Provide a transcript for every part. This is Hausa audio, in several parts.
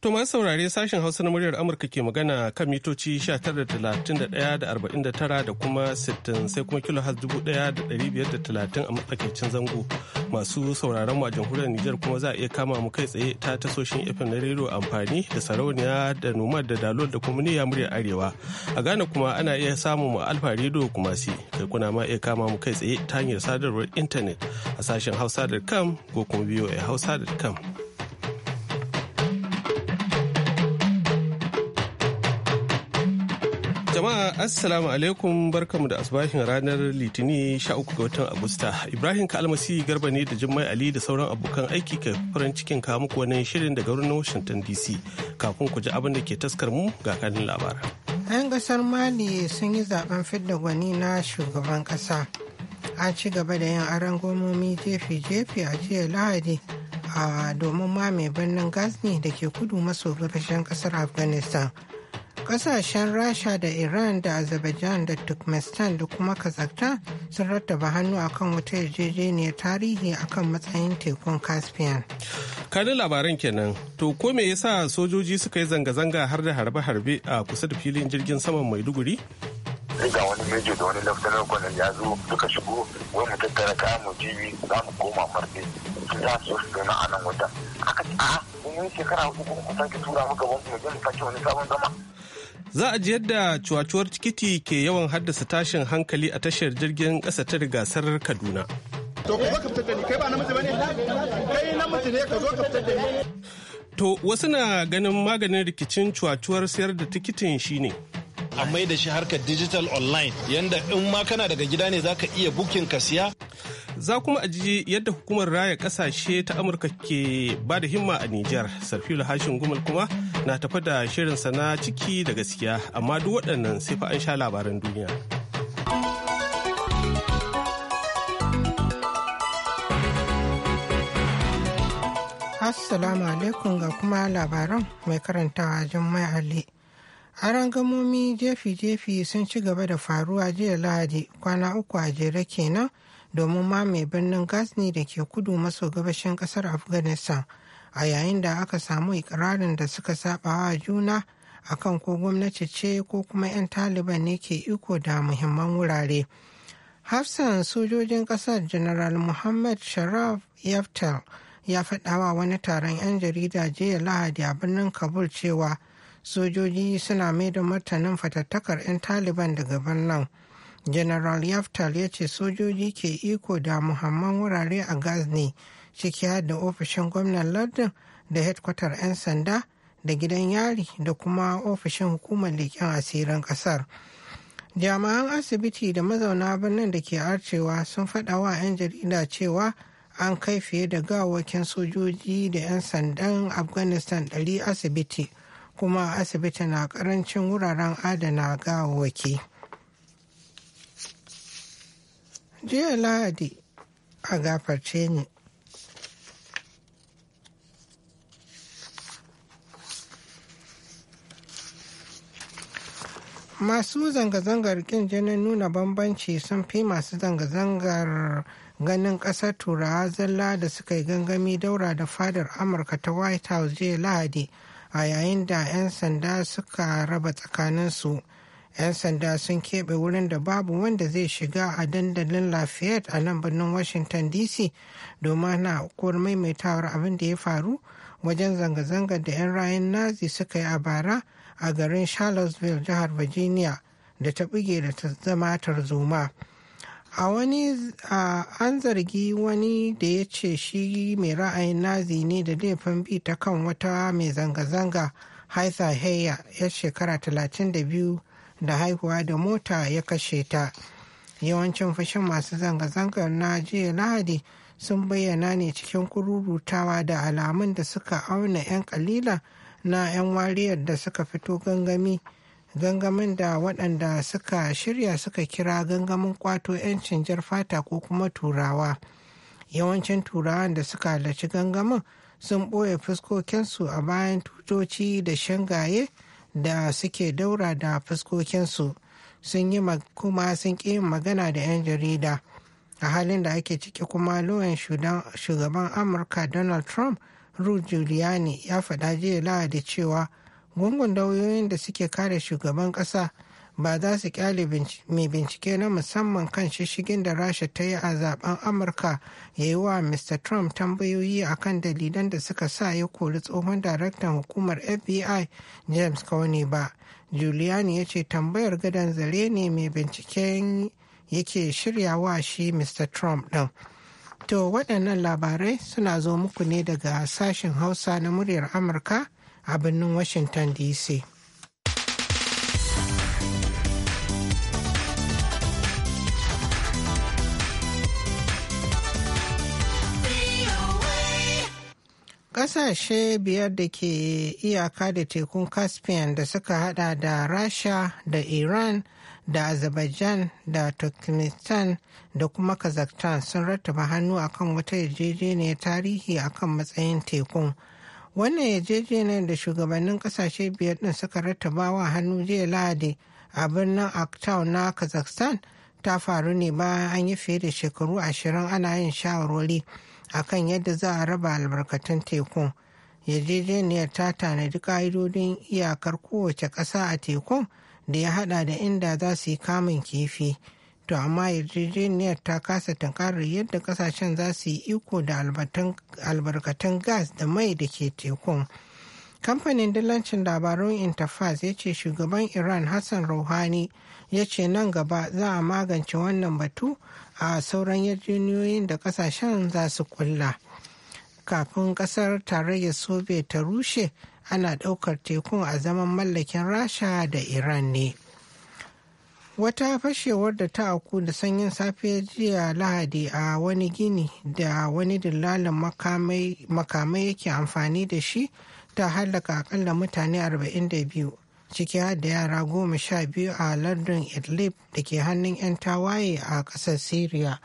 To masu saurare sashen Hausa na muryar Amurka ke magana kan mitoci 19,31,49 da kuma 60 sai kuma kilo da a matsakaicin zango. Masu sauraron mu a jamhuriyar Nijar kuma za a iya kama mu kai tsaye ta tasoshin FM na rero amfani da sarauniya da noma da dalol da kuma niyya muryar Arewa. A Ghana kuma ana iya samun mu alfa rediyo kuma si kai kuna ma iya kama mu kai tsaye ta hanyar sadarwar intanet a sashen hausa.com ko kuma voa hausa.com. Jama'a Assalamu alaikum barkamu da asubahin ranar Litini 13 ga watan Agusta. Ibrahim Kalmasi Garba ne da Jummai Ali da sauran abokan aiki ke farin cikin kawo muku wani shirin daga wurin Washington DC. Kafin ku ji abin da ke taskar mu ga kanin labara 'Yan kasar Mali sun yi zaben fidda gwani na shugaban kasa. An ci gaba da yin aron gomomi jefi-jefi a jiya Lahadi a domin mame birnin ne, da ke kudu maso gabashin kasar Afghanistan. Ƙasashen Rasha da Iran da Azerbaijan da Turkmenistan da kuma Kazakhstan sun rattaba hannu akan wata yarjejeniyar tarihi akan matsayin tekun Caspian. Kanin labaran kenan, to ko me yasa sojoji suka yi zanga-zanga har da harbe-harbe a kusa da filin jirgin saman Maiduguri? ga wani mejo da wani laftanar kwanan ya zo duka shigo wai mu tattara kayan mu jibi za mu koma marti su za su su zauna a nan wata aka ce a mun yi shekara uku ku ki tura mu gaban mu je mu sake wani sabon zama Za a ji yadda cuwacuwar tikiti ke yawan haddasa tashin hankali a tashar jirgin ƙasa ta gasar Kaduna. To ka fitar da ni, kai ba namiji ba Kai namiji ne ka zo ka fitar da ni. To wasu na ganin maganin rikicin cuwacuwar sayar da tikitin shine. a mai da shi harkar digital online yanda in ma kana daga gida ne zaka iya bukin ka siya za kuma aji yadda hukumar raya kasashe ta amurka ke ba da himma a niger sarfilu hashin gumal kuma na tafi da shirinsa na ciki da gaskiya amma duk waɗannan sai fa an sha labaran duniya. Assalamu alaikum ga kuma labaran mai karantawa Jummai Ali. Aron gamomi jefi-jefi sun ci gaba da faruwa jiya Lahadi kwana uku a jere kenan domin mamaye birnin Ghazni da ke kudu maso gabashin kasar Afghanistan. a yayin da aka samu ikirarin da suka saba wa juna akan ko gwamnati ce ko kuma 'yan taliban ne ke iko da muhimman wurare hafsan sojojin kasar general muhammad sharaf yaftal ya faɗawa wani taron 'yan jarida jiya lahadi a birnin kabul cewa sojoji suna mai da martanin fatattakar 'yan taliban daga birnin general yaftal ya ce sojoji ke iko da muhimman wurare a ghazni ciki har da ofishin gwamnan lardin da hedkwatar 'yan sanda da gidan yari da kuma ofishin hukumar leƙen asirin ƙasar jami'an asibiti da mazauna birnin da ke arcewa sun faɗa wa 'yan jarida cewa an kai fiye da gawakin sojoji da 'yan sandan afghanistan 100 asibiti kuma asibiti na ƙarancin wuraren adana gawaki jiya lahadi a gafarce ni masu zanga-zangar kin jinin nuna bambanci sun fi masu zanga-zangar ganin ƙasar turawa zalla da suka yi gangami daura da fadar amurka ta white house jiya lahadi a yayin da 'yan sanda suka raba tsakaninsu 'yan sanda sun keɓe wurin da babu wanda zai shiga a dandalin lafayette a nan birnin washington dc domin na maimaitawar abin da ya faru wajen zanga-zangar da 'yan rayan nazi suka yi a bara a garin charlottesville jihar virginia da ta buge da ta zama tarzoma a wani an zargi wani da ya ce shi mai ra'ayin nazi ne da laifin bi ta kan wata mai zanga-zanga haisa heya ya shekara 32 da haihuwa da mota ya kashe ta yawancin fashin masu zanga-zangar na jiya lahadi sun bayyana ne cikin kururutawa da alamun da suka auna 'yan kalila na 'yan wariyar da suka fito gangami gangamin da waɗanda suka shirya suka kira gangamin kwato 'yancin jar fata ko kuma turawa yawancin turawan da suka halarci gangamin sun ɓoye fuskokinsu a bayan tutoci da shangaye da suke daura da fuskokinsu sun yi kuma sun ƙi magana da 'yan jarida a halin da ake ciki kuma lauyan shugaban amurka donald trump Ruth Giuliani ya faɗa jiya Lahadi cewa gungun dauyoyin da suke kare shugaban ƙasa ba za su kyale mai bincike na musamman kan shishigin da rasha ta yi a zaben amurka ya yi wa mr trump tambayoyi akan dalilan da suka sa ya kori tsohon daraktan hukumar fbi james coney ba juliani ya ce tambayar gadon zare ne mai binciken yake wa shi mr trump din. To waɗannan labarai suna zo muku ne daga sashen Hausa na muryar Amurka a birnin Washington DC. Ƙasashe biyar da ke iyaka da tekun Caspian da suka hada da Rasha da Iran da azerbaijan da turkmenistan da kuma kazakhstan sun rattaba hannu akan wata yarjejeniyar tarihi a kan matsayin tekun wannan yarjejeniyar da shugabannin kasashe biyar din suka rattaba wa hannu jiya lahadi a birnin aktau na kazakhstan ta faru ne bayan an yi fiye da shekaru ashirin ana yin shawarwari kan yadda za a raba albarkatun tekun yarjejeniyar ta tanadi ƙa'idodin iyakar kowace ƙasa a tekun da ya hada da inda za su yi kamun kifi to amma yarjejeniyar ta kasa tunkarar yadda kasashen za su yi iko da albarkatun gas da mai da ke tekun kamfanin dillancin labarun interfax ya ce shugaban iran hassan rouhani ya ce nan gaba za a magance wannan batu a sauran yarjejeniyoyin da kasashen za su kulla. kafin kasar tarayyar soviet ta rushe ana ɗaukar tekun a zaman mallakin rasha da iran ne wata fashewar da ta auku da sanyin safe jiya lahadi a wani gini da wani dillalin makamai yake amfani da shi ta hallaka akalla mutane 42 ciki har da yara goma sha biyu a lardin idlib da ke hannun 'yan tawaye a ƙasar syria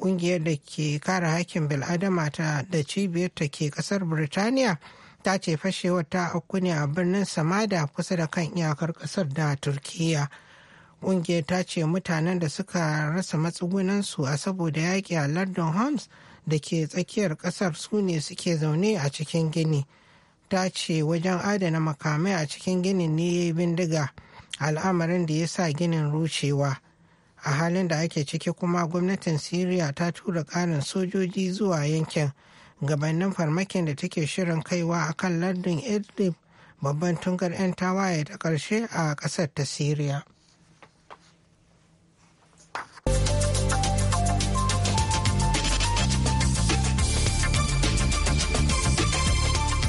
kungiyar da ke kare hakkin bil'adama ta da cibiyar ta ke kasar birtaniya ta ce fashewar ta aku ne a birnin samada kusa da kan iyakar kasar da turkiya kungiyar ta ce mutanen da suka rasa matsugunansu a saboda yaƙi a london Homes da ke tsakiyar kasar su ne suke zaune a cikin gini ta ce wajen adana makamai a cikin ginin ne ya yi bindiga al'amarin da ya sa ginin rucewa. a halin da ake ciki kuma gwamnatin syria ta tura ƙarin sojoji zuwa yankin gabanin farmakin da take shirin kaiwa a kan lardin idlib babban tungar 'yan tawaye ta ƙarshe a ƙasar ta syria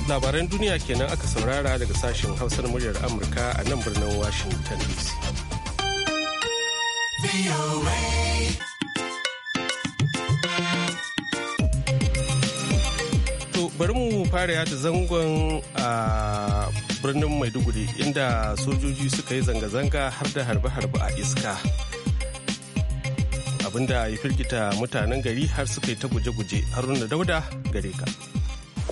labaran duniya kenan aka saurara daga sashen hausar muryar amurka a nan birnin washington dc To bari mu fara yata zangon a birnin maiduguri inda sojoji suka yi zanga-zanga har da harbe-harbe a iska abinda ya firgita mutanen gari har suka yi ta guje-guje haruna dauda gare ka.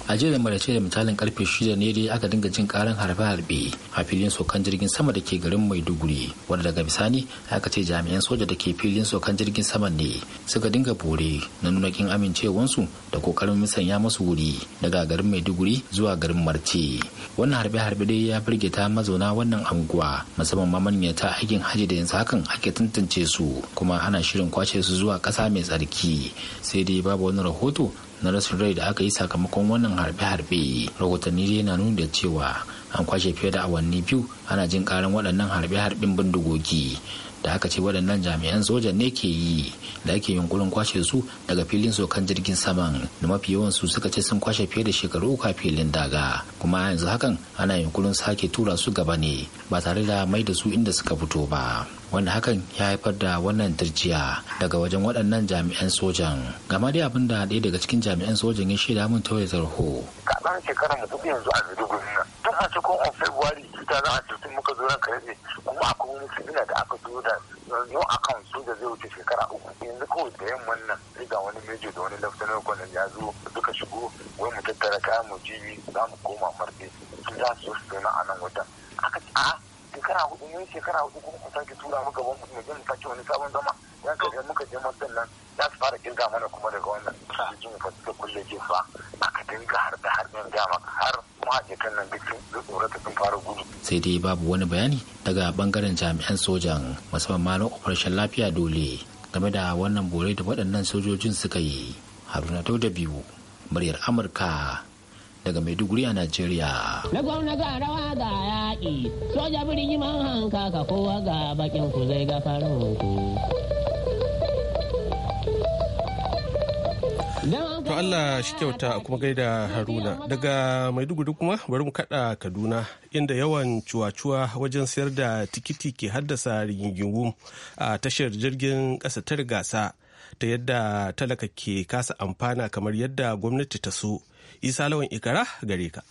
a jiya da marace da misalin karfe shida ne dai aka dinga jin karin harbe-harbe a filin sokan jirgin sama da ke garin maiduguri wanda daga bisani aka ce jami'an soja da ke filin sokan jirgin sama ne suka dinga bore na nuna kin amincewansu da kokarin musanya masu wuri daga garin maiduguri zuwa garin marce wannan harbe-harbe dai ya firgita mazauna wannan anguwa musamman ma ta aikin haji da yanzu hakan ake tantance su kuma ana shirin kwashe su zuwa ƙasa mai tsarki sai dai babu wani rahoto na rasin rai da aka yi sakamakon wannan harbe-harbe rahotanni dai na nuna da cewa an kwashe fiye da awanni biyu ana jin karin waɗannan harbe-harben bindigogi da haka ce waɗannan jami'an sojan ne ke yi da ake yunkurin kwashe su daga filin sokan jirgin saman da mafi yawan su suka ce sun kwashe fiye da shekaru uku filin daga kuma yanzu hakan ana yunkurin sake tura su gaba ne ba tare da mai da su inda suka fito ba wanda hakan ya haifar da wannan turjiya daga wajen waɗannan jami'an sojan gama dai abin da ɗaya daga cikin jami'an sojan ya shaida mun ta tarho. kaɗan shekara mu duk yanzu a maiduguri duk a cikin ran karfe kuma akwai musu sigila da aka zo da yau kan su da zai wuce shekara uku yanzu kawai da yin nan sai ga wani mejo da wani laftanar kwanan ya zo duka shigo wai mu tattara kayan mu jibi za mu koma marfe su za su yi na a nan wata aka ce a shekara hudu ne shekara hudu kuma ku sake tura mu gaban mu mu je mu sake wani sabon zama yan kaje muka je mutum nan za su fara kirga mana kuma daga wannan cikin fa suka kulle jin fa aka dinga har da har din gama har ma'aikatan nan duk sun ta sun fara gudu. sai dai babu wani bayani daga bangaren jami'an sojan musamman ma na operation lafiya dole game da wannan bore da waɗannan sojojin suka yi haruna tau da biyu muryar amurka daga Maiduguri a Najeriya. Na gwamna ga rawa ga yaƙi, soja birni man hanka ka kowa ga bakin ku zai gafarin ku. To Allah shi kyauta kuma gaida Haruna daga Maiduguri kuma bari mu kada Kaduna inda yawan cuwa-cuwa wajen sayar da tikiti ke haddasa rigingimu a tashar jirgin ƙasa ta gasa ta yadda talaka ke kasa amfana kamar yadda gwamnati ta so. Isa lawan ikara gare ka.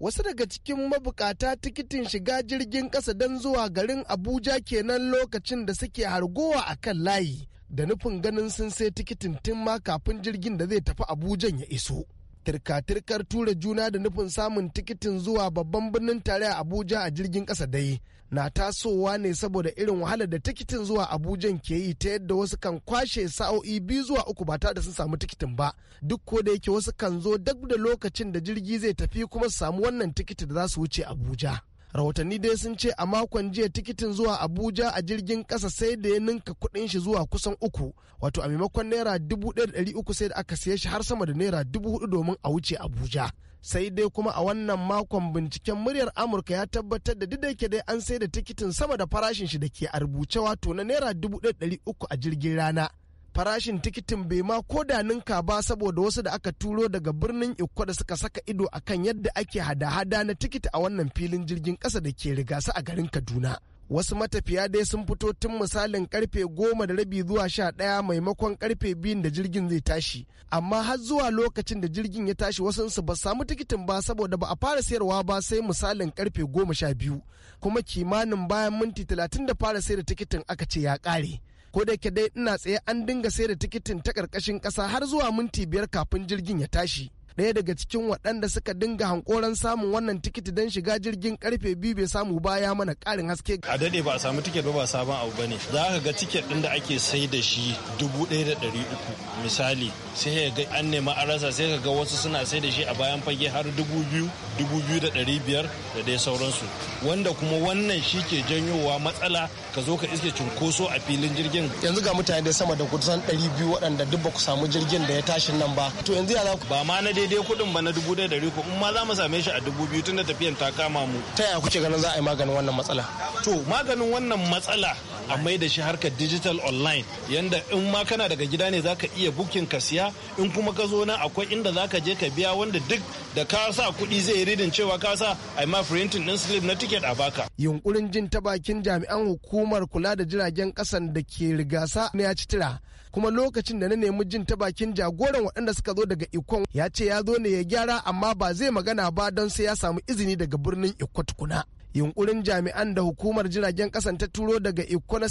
Wasu daga cikin mabukata tikitin shiga jirgin kasa don zuwa garin Abuja kenan lokacin da suke hargowa a kan layi. Da nufin ganin sun sai tikitin tun ma kafin jirgin da zai tafi Abujan ya iso. tirka-tirkar tura juna da nufin samun tikitin zuwa babban birnin tare a abuja a jirgin kasa dai na tasowa ne saboda irin wahalar da tikitin zuwa abuja ke yi ta yadda wasu kan kwashe sa'o'i biyu zuwa uku ba tare da sun samu tikitin ba duk ko da yake wasu kan zo duk da lokacin da jirgi zai tafi kuma su samu wannan tikiti da za su wuce abuja rahotanni dai sun ce a makon jiya tikitin zuwa abuja a jirgin kasa sai da ya ninka kudin shi zuwa kusan uku wato a maimakon naira dubu ɗaya da ɗari uku sai da aka siya shi har sama da naira dubu hudu domin a wuce abuja sai dai kuma a wannan makon binciken muryar amurka ya tabbatar da duk dai an sai da tikitin sama da farashin shi da ke a rubuce wato na naira dubu ɗaya da ɗari uku a jirgin rana farashin tikitin bai ma ko da ninka ba saboda wasu da aka turo daga birnin Ikko da suka saka ido akan yadda ake hada-hada na tikiti a wannan filin jirgin kasa da ke rigasa a garin Kaduna. wasu matafiya dai sun fito tun misalin karfe goma da rabi zuwa sha ɗaya maimakon karfe biyun da jirgin zai tashi amma har zuwa lokacin da jirgin ya tashi wasunsu ba samu tikitin ba saboda ba a fara sayarwa ba sai misalin karfe goma sha biyu kuma kimanin bayan minti talatin da fara sayar da tikitin aka ce ya ƙare ko da yake dai ina tsaye an dinga sai da tikitin ta ƙarƙashin ƙasa har zuwa minti biyar kafin jirgin ya tashi ɗaya daga cikin waɗanda suka dinga hankoran samun wannan tikiti don shiga jirgin karfe biyu bai samu ba ya mana ƙarin haske a dade ba a samu tiket ba ba sabon abu bane za ka ga tiket ɗin da ake sai da shi dubu ɗaya da ɗari uku misali sai ka ga an nema an rasa sai ka ga wasu suna sai da shi a bayan fage har dubu biyu dubu biyu da ɗari biyar da dai sauransu wanda kuma wannan shi ke janyowa matsala ka zo ka iske cunkoso a filin jirgin yanzu ga mutane da sama da kusan ɗari biyu waɗanda duk ba ku samu jirgin da ya tashi nan ba to yanzu ya ba ma na dai daidai kuɗin ba na dubu ɗaya da riko in ma za mu same shi a dubu biyu tunda tafiyan ta kama mu. Ta yaya kuke ganin za a yi maganin wannan matsala? To maganin wannan matsala a mai da shi harkar digital online yanda in ma kana daga gida ne zaka iya bukin ka siya in kuma ka zo na akwai inda za ka je ka biya wanda duk da ka sa kuɗi zai ridin cewa ka sa a yi ma printing din slip na ticket a baka. Yunkurin jin ta bakin jami'an hukumar kula da jiragen kasan da ke rigasa ne ya ci tira kuma lokacin da na nemi jin ta bakin jagoran waɗanda suka zo daga ikon ya ce ya ya zo ne ya gyara amma ba zai magana ba don sai ya samu izini daga birnin ikotukuna Yunkurin jami'an da hukumar jiragen kasan ta turo daga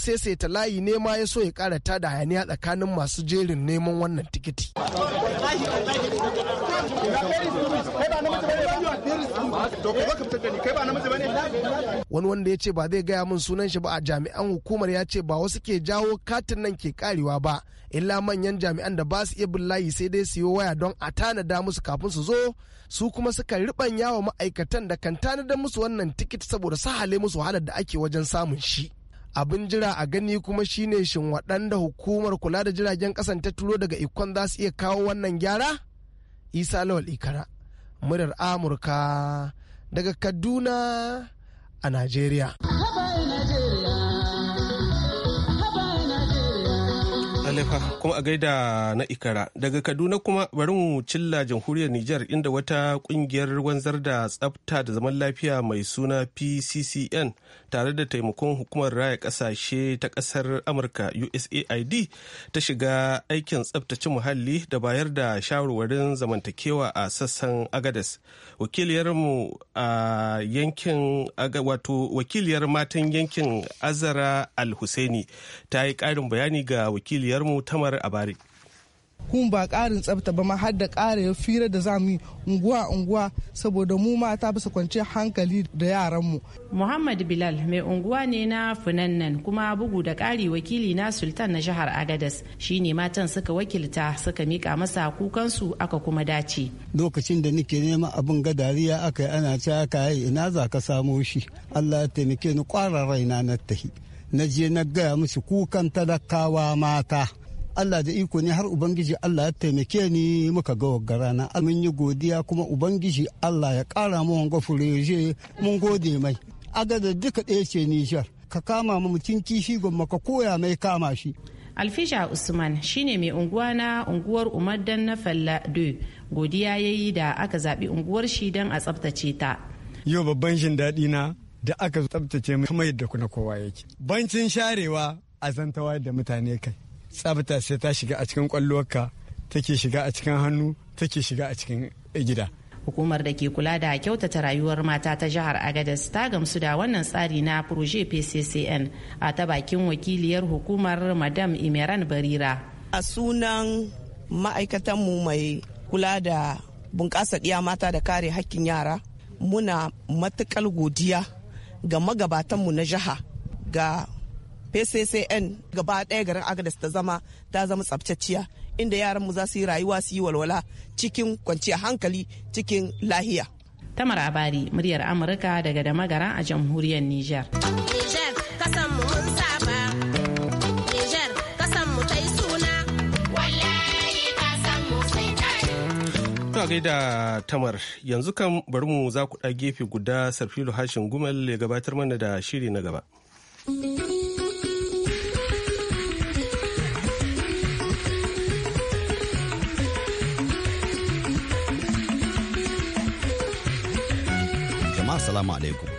sai na ta layi ne ma ya so ya kara da hayaniya tsakanin masu jerin neman wannan tikiti. Wani wanda ya ce ba zai gaya min sunan shi ba a jami'an hukumar ya ce ba wasu ke jawo katin nan ke karewa ba illa manyan jami'an da ba su iya bin layi sai dai su yi waya don a tanada musu kafin su zo su kuma suka riɓanya wa ma'aikatan da kan tanada musu wannan tikit saboda sahale musu wahalar da ake wajen samun shi abin jira a gani kuma shine shin waɗanda hukumar kula da jiragen ƙasan ta turo daga ikon za su iya kawo wannan gyara isa lawal ikara muryar amurka daga kaduna a najeriya Alifa kuma a gaida na ikara daga kaduna kuma bari mu cilla jamhuriyar nijar inda wata kungiyar wanzar da tsafta da zaman lafiya mai suna pccn tare da taimakon hukumar raya kasashe ta kasar amurka usaid ta shiga aikin tsaftace muhalli da bayar da shawarwarin zamantakewa a sassan agadas wakiliyarmu a yankin wakiliyar matan yankin azara al-husaini ta yi ƙarin bayani ga wakiliyar mu Tamar bari kun ba karin tsafta ba ma har da ƙara fira da zamu unguwa unguwa saboda mu ma ta bisa kwanci hankali da yaran mu. Muhammad Bilal mai unguwa ne na Funannan kuma bugu da ƙari wakili na Sultan na jihar Agadas shine matan suka wakilta suka mika masa kukan su aka kuma dace. Lokacin da nake neman abin gadariya aka yi ana ce aka yi ina za ka samo shi Allah ya taimake ni kwara raina na tahi. na je na gaya musu kukan talakawa mata Allah da iko ne har Ubangiji Allah ya taimake ni muka ga waggara na mun yi godiya kuma Ubangiji Allah ya kara mu wanga fureje mun gode mai aga da duka ɗaya ce Nijar ka kama mu mutum kishi gwamma ka koya mai kama shi Alfisha Usman shine mai unguwa na unguwar Umaddan na Falla godiya yayi da aka zaɓi unguwar shi don a tsaftace ta. Yau babban jin daɗi na da aka tsabtace mai kamar yadda kuna kowa yake bancin sharewa a zantawa da mutane kai tsabta sai ta shiga a cikin kwallonka take shiga a cikin hannu take shiga a cikin gida hukumar da ke kula da kyautata rayuwar mata ta jihar agadez ta gamsu da wannan tsari na proje pccn a ta bakin wakiliyar hukumar madam imeran barira a sunan ma'aikatanmu mai kula da bunƙasa ɗiya mata da kare hakkin yara muna matukar godiya ga magabatanmu na jiha ga pccn gaba ɗaya garin agadas ta zama ta zama tsabtacciya inda yaranmu za su yi rayuwa su yi walwala cikin kwanciyar hankali cikin lahiya tamar abari muryar amurka daga da magara a jamhuriyar niger a da tamar yanzu kan bari mu za ku ɗa gefe guda sarfilu hashin gumal ya gabatar mana da shiri na gaba. Jama'a salamu alaikum.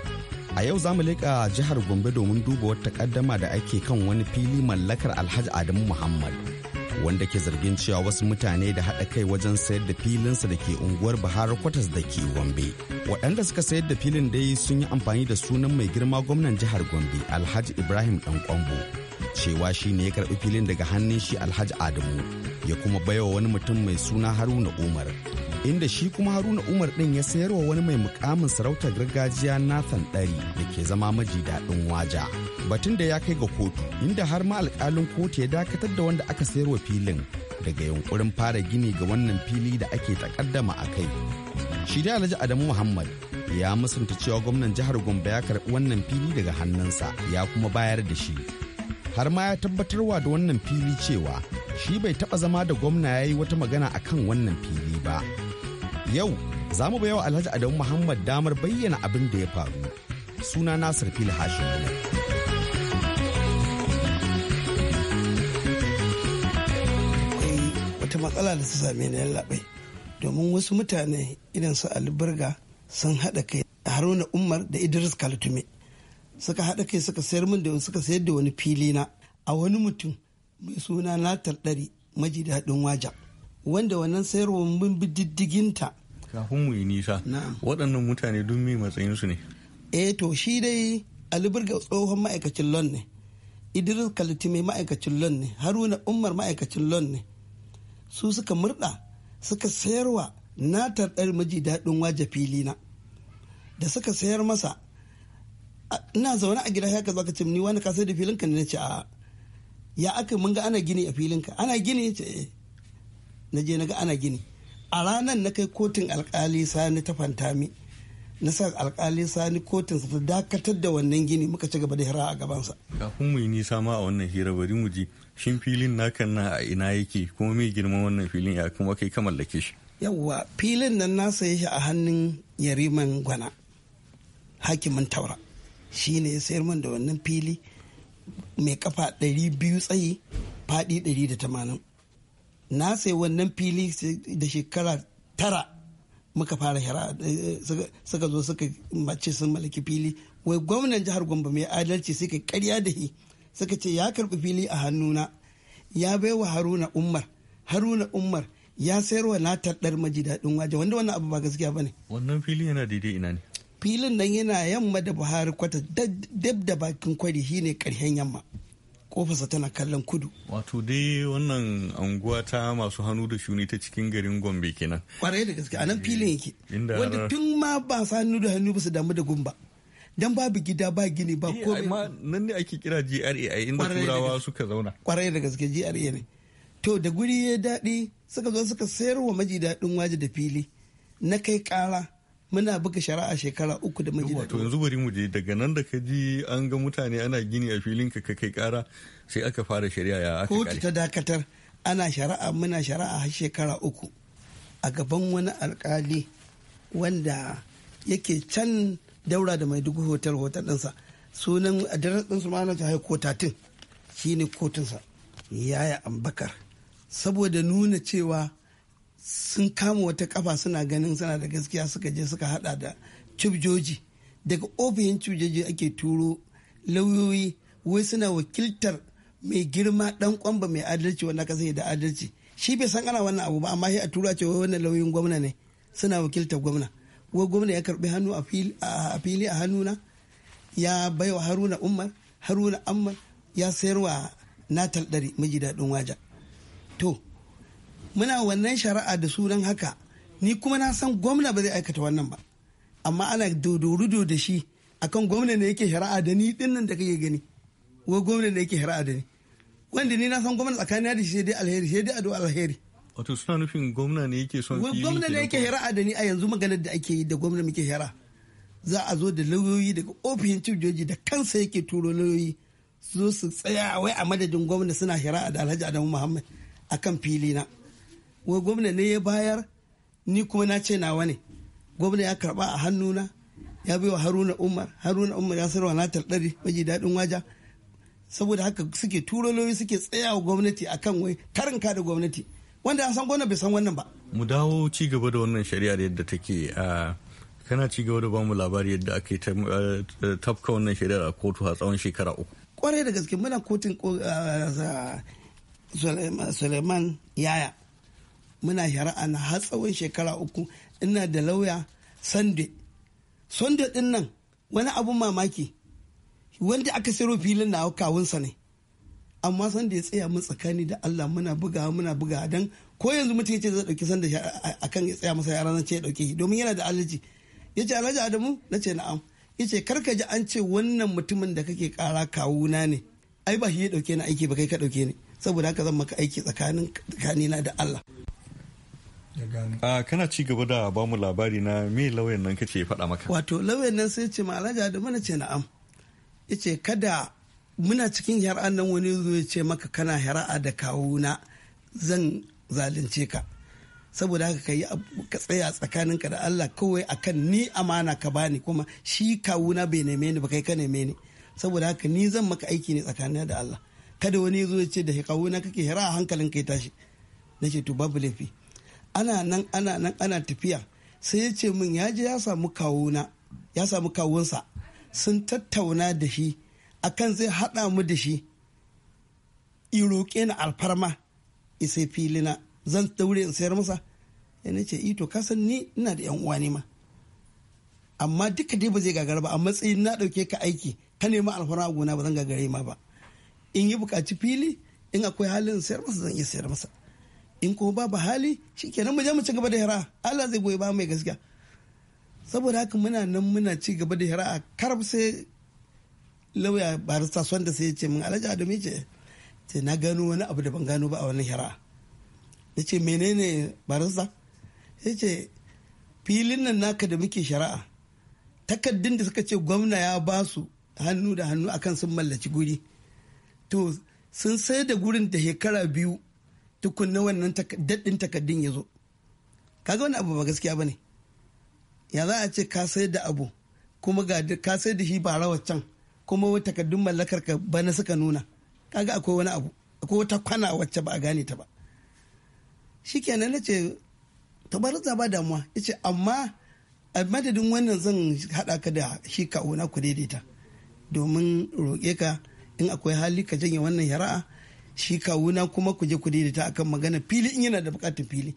A yau za mu leƙa jihar Gombe domin duba wata ƙaddama da ake kan wani fili mallakar Alhaji Adamu Muhammad. wanda ke zargin cewa wasu mutane da haɗa kai wajen sayar da filinsa da ke unguwar Bahar Kwatas da ke Gombe. Waɗanda suka sayar da filin dai sun yi amfani da sunan mai girma gwamnan jihar Gombe Alhaji Ibrahim Dan Kwambo. Cewa shi ne ya karɓi filin daga hannun shi Alhaji Adamu ya kuma baiwa wani mutum mai suna Haruna Umar inda shi kuma haruna umar din ya sayarwa wani mai mukamin sarautar gargajiya nathan ɗari da ke zama maji daɗin waja batun da ya kai ga kotu inda har ma alƙalin kotu ya dakatar da wanda aka sayarwa filin daga yunkurin fara gini ga wannan fili da ake takaddama a kai shi da alhaji adamu muhammad ya musanta cewa gwamnan jihar gombe ya karɓi wannan fili daga hannunsa ya kuma bayar da shi har ma ya tabbatarwa da wannan fili cewa shi bai taɓa zama da gwamna ya yi wata magana akan wannan fili ba yau za mu bayawa Alhaji Adamu Muhammad damar bayyana abin da ya faru. Suna Nasir Fil Hashim. wata matsala da ta same ni labai domin wasu mutane irin su alburga sun haɗa kai haruna umar da idris kaltume suka haɗa kai suka sayar min da suka sayar da wani fili na a wani mutum mai suna na ɗari maji daɗin waja wanda wannan sayarwar mun bi diddiginta kafin mu yi nisa waɗannan mutane duk matsayin matsayinsu ne e to shi dai aliburga tsohon ma'aikacin lon ne idris kalitime ma'aikacin lon ne haruna umar ma'aikacin lon ne su suka murda suka sayarwa na tarɗar maji daɗin waje filina da suka sayar masa ina zaune a gida haka zaka ce ni wani ka da da filinka ne ce a ya aka mun ga ana gini a filin ka ana gini ce eh. na je na ga ana gini a ranar na kai kotun alkali sani ta fantami na sa alkali sani kotun ta dakatar da wannan gini muka ci gaba da hira a gabansa kafin mu yi nisa ma a wannan hira bari mu ji shin filin nakan na a ina yake kuma mai girman wannan filin ya kuma kai ka mallake shi yawwa filin nan na saye shi a hannun yariman gwana hakimin taura shi ne ya sayar min da wannan fili mai kafa 200 tsayi faɗi 180 na sai wannan fili da shekara tara muka fara shari'a eh, suka zo suka mace sun mallaki fili wai gwamnan jihar gombe mai adalci suka karya da shi suka ce ya karbi fili a hannuna ya bai wa haruna umar haruna umar ya sayar wa na dar maji daɗin waje wanda wannan abu ba gaskiya ba ne wannan fili yana daidai ina ne filin nan yana yamma da buhari kwata dab da bakin kwari shine karshen yamma kofarsa tana kallon kudu wato dai wannan anguwa ta masu hannu da shuni ta cikin garin gombe kenan kwarai da gaske a nan filin yake wanda tun ma ba sa hannu da hannu ba su damu da gumba dan babu gida ba gini ba eh, ko nan ne ake kira GRA inda turawa suka zauna kwarai da gaske GRA ne to da guri ya daɗi suka zo suka sayar wa maji daɗin waje da fili na kai ƙara muna buga shari'a shekara uku da majina wato yanzu bari mu je daga nan da ka ji an ga mutane ana gini a filin ka kai kara sai aka fara shari'a ya aka kare ta dakatar ana shari'a muna shari'a har shekara uku a gaban wani alkali wanda yake can daura da mai dugu hotel hotel ɗinsa sunan adres ɗin ma na ta haiko tatin shine kotunsa yaya ambakar saboda nuna cewa sun kama wata kafa suna ganin suna da gaskiya suka je suka hada da cibjoji daga ofishin cibjoji ake turo lauyoyi wai suna wakiltar mai girma dan kwamba mai adalci wanda ka sai da adalci shi bai san ana wannan abu ba amma sai a tura wai wannan lauyoyin gwamna ne suna wakiltar gwamna wai gwamna ya karbi hannu a fili a hannuna ya baiwa haruna umar haruna ammar ya sayarwa natal dari miji daɗin waja to muna wannan shari'a da sunan haka ni kuma na san gwamna ba zai aikata wannan ba amma ana dodorudo da shi akan gwamna ne yake shari'a da ni dinnan da kake gani wa gwamna ne yake shari'a da ni wanda ni na san gwamna tsakanin da shi sai dai alheri sai dai ado alheri wato suna nufin gwamna ne yake son fili gwamna ne yake shari'a da ni a yanzu maganar da ake yi da gwamna muke shari'a za a zo da lauyoyi daga ofishin chief joji da kansa yake turo lauyoyi su zo su tsaya wai a madadin gwamna suna shari'a da alhaji adamu muhammad akan fili na wai gwamna ne ya bayar ni kuma na ce nawa ne gwamna ya karba a hannuna ya bai wa haruna umar haruna umar ya sarwa na ɗari maji daɗin waja saboda haka suke turoloyi suke tsayawa gwamnati akan wai tarinka da gwamnati wanda ya san gwamna bai san wannan ba mu dawo ci gaba da wannan shari'ar yadda take a kana ci gaba da bamu labari yadda ake tafka wannan shari'ar a kotu a tsawon shekara uku kwarai da gaske muna kotun suleiman yaya muna shari'a na har tsawon shekara uku ina da lauya sande sande din nan wani abun mamaki wanda aka siro filin na kawunsa ne amma sanda ya tsaya mu tsakani da Allah muna buga muna buga don ko yanzu mutum ya ce zai dauki sanda kan ya tsaya masa yara na ce ya dauke domin yana da alaji ya ce alhaji adamu na ce na'am ya ce karka ji an ce wannan mutumin da kake kara kawuna ne ai ba shi ya dauke ni aiki ba kai ka dauke ni saboda haka zan maka aiki tsakanin tsakanina da Allah a kana ci gaba da ba mu labari na me lauyan nan kace faɗa maka wato lauyan nan sai ce ma da mana ce na'am yace kada muna cikin yar'an nan wani zo ya ce maka kana a da kawuna zan zalunce ka saboda haka ka ka tsaya tsakanin ka da Allah kawai akan ni amana ka bani kuma shi kawuna bai neme ni ba kai ka neme ni saboda haka ni zan maka aiki ne tsakanin da Allah kada wani zo ya ce da kawuna kake a hankalin kai tashi nace to babu laifi ana nan ana nan ana tafiya sai ya ce min ya je ya samu kawuna ya samu kawunsa sun tattauna da shi akan zai haɗa mu da shi i roƙe na alfarma isa filina zan daure in sayar masa ne ce ito kasan ni ina da yan uwa ne ma amma duka dai ba zai gagara ba a matsayin na ɗauke ka aiki ka nema alfarma a gona ba zan gagare ma ba in yi buƙaci fili in akwai halin sayar masa zan iya sayar masa in kuma babu hali shikenan mu je mu ci gaba da hira Allah zai goyi ba mai gaskiya saboda haka muna nan muna ci gaba da hira a karab sai lauya barista da sai ya ce min alhaji adamu ya ce ce na gano wani abu da ban gano ba a wani hira ya ce menene barista ya ce filin nan naka da muke shari'a takaddun da suka ce gwamna ya ba su hannu da hannu akan sun mallaci guri to sun sai da gurin da shekara biyu tukunna wannan daɗin takaddun ya zo kaga wani abu ba gaskiya ba ne ya za a ce ka sayar da abu kuma ga ka sayar da shi ba rawar can kuma takaddun mallakar ka bana suka nuna kaga akwai wani abu akwai wata kwana wacce ba a gane ta ba shikenan na ce tabarza ba damuwa ya amma a madadin wannan zan haɗa ka da shi kawo na ku daidaita domin roƙe ka in akwai hali ka janye wannan yara'a shi kawuna kuma ku je ku daidaita akan magana fili in yana da bukatar fili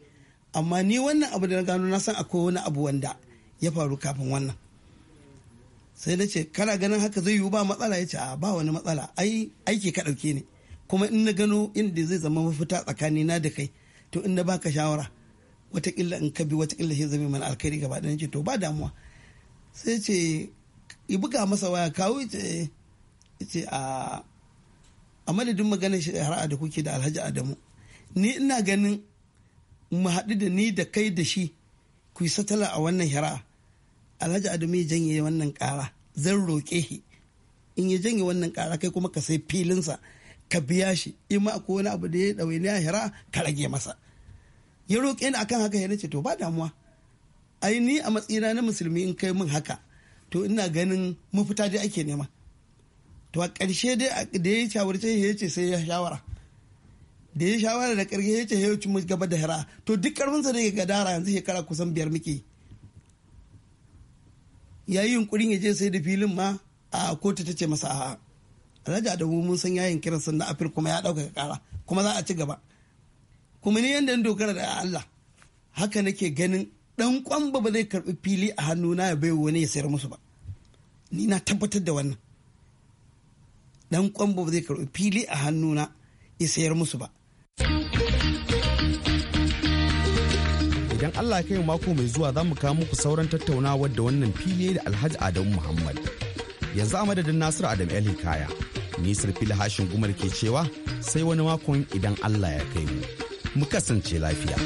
amma ni wannan abu da na gano na san akwai wani abu wanda ya faru kafin wannan sai na ce kana ganin haka zai yiwu ba matsala ya ce a ba wani matsala ai aiki ka ɗauke ne kuma in na gano inda zai zama mafita tsakani na da kai to in na baka shawara wataƙila in ka bi watakila sai zame mana alkhairi gaba ɗaya ce to ba damuwa sai ce i buga masa waya kawo ce ce a a madadin maganar shari'a da kuke da alhaji adamu ni ina ganin mu haɗu da ni da kai da shi ku yi satala a wannan shari'a alhaji adamu ya janye wannan ƙara zan roƙe shi in ya janye wannan ƙara kai kuma ka sai filinsa ka biya shi in ma akwai wani abu da ya ɗaure a shari'a ka rage masa ya roƙe ni akan haka ya nace to ba damuwa ai ni a matsayina na musulmi in kai min haka to ina ganin mafita dai ake nema to a ƙarshe dai da ya shawarce ya ce sai ya shawara da ya shawara da ƙarshe ya ce ya ci mu gaba da hira to duk ƙarfinsa da daga gadara yanzu shekara kusan biyar muke ya yi yunkurin ya je sai da filin ma a kotu ta ce masa raja da adamu mun san yayin kiran sun na afir kuma ya ɗaukaka ƙara kuma za a ci gaba kuma ni yadda dogara da Allah haka nake ganin dan kwamba ba zai karbi fili a hannuna ya bai wani ya sayar musu ba ni na tabbatar da wannan dan kwambo ba zai karɓi fili a hannuna ya sayar musu ba. Idan Allah kai mako mai zuwa za mu kawo muku sauran tattaunawa da wannan fili da Alhaji Adamu Muhammad. Yanzu a madadin Nasiru Adam El Hikaya, Nisar fili hashin gumar ke cewa sai wani makon idan Allah ya kai mu. Mu kasance lafiya.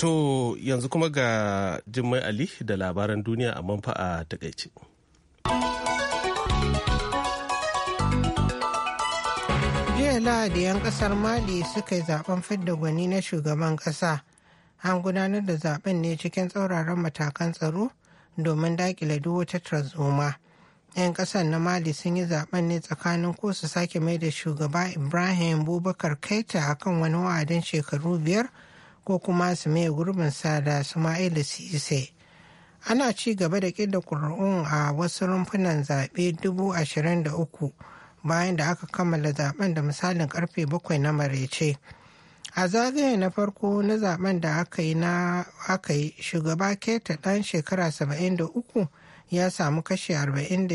To yanzu kuma ga Jummai Ali da labaran duniya a manfa a takaice. Jiya Lahadi 'yan kasar Mali suka yi zaben fidda gwani na shugaban kasa. An gudanar da zaben ne cikin tsauraran matakan tsaro domin dakile duk wata tarzoma. 'Yan kasar na Mali sun yi zaben ne tsakanin ko su sake mai da shugaba Ibrahim Bubakar kaita akan wani wa'adin shekaru biyar. ko kuma su maye gurbin sa da su Sise. Ana ci gaba da kida kur'un a wasu rumfunan zaɓe dubu ashirin da uku bayan da aka kammala zaɓen da misalin karfe bakwai na maraice. A zagaye na farko na zaɓen da aka yi na aka yi shugaba keta ɗan shekara saba'in da uku ya samu kashe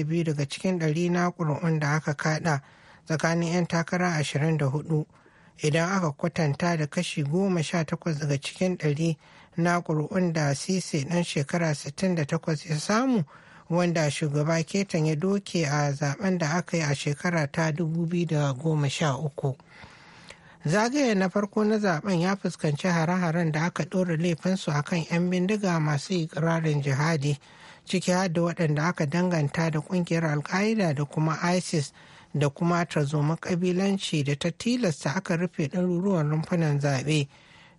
biyu daga cikin ɗari na ƙuri'un da aka kaɗa tsakanin 'yan takara ashirin da hudu. idan aka kwatanta da kashi goma sha takwas daga cikin ɗari na ƙuri'un da sise ɗan shekara da takwas ya samu wanda shugaba ketan ya doke a zaben da aka yi a shekara ta dubu biyu da goma sha uku. zagaye na farko na zaben ya fuskanci hare-haren da aka ɗora laifinsu a kan 'yan bindiga masu ikirarin jihadi ciki har waɗanda aka danganta da ƙungiyar al da kuma isis da kuma tarzoman kabilanci da ta tilasta aka rufe ɗaruruwan rumfunan zaɓe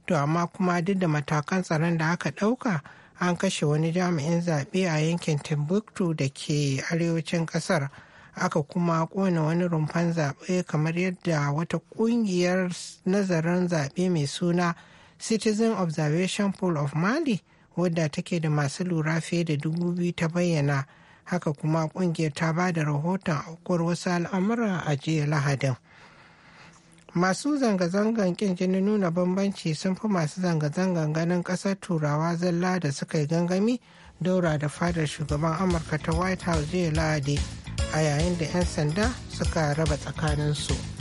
to amma kuma duk da matakan tsaron da aka ɗauka an kashe wani jami'in zaɓe a yankin timbuktu da ke arewacin ƙasar aka kuma ƙona wani rumfan zaɓe kamar yadda wata ƙungiyar nazarin zaɓe mai suna citizen observation pool of mali wadda take da masu lura fiye da dubu biyu ta bayyana haka kuma kungiyar ta ba da rahoton aukuwar wasu al'amura a jiya lahadin masu zanga-zangan kin jini nuna bambanci sun fi masu zanga-zangan ganin kasar turawa zalla da suka yi gangami daura da fadar shugaban amurka ta white house jiya lahadi a yayin da 'yan sanda suka raba tsakaninsu. su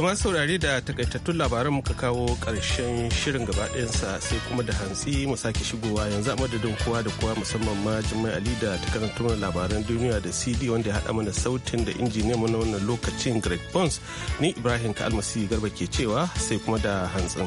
ma saurari da takaitattun labaran muka kawo ƙarshen shirin gabaɗayansa sai kuma da hantsi mu sake shigowa yanzu a madadin kowa da kowa musamman ma Jummai Ali da ta labaran duniya da CD wanda ya haɗa mana sautin da injiniya mana wannan lokacin Greg Bones ni Ibrahim Kalmasi Garba ke cewa sai kuma da hantsin.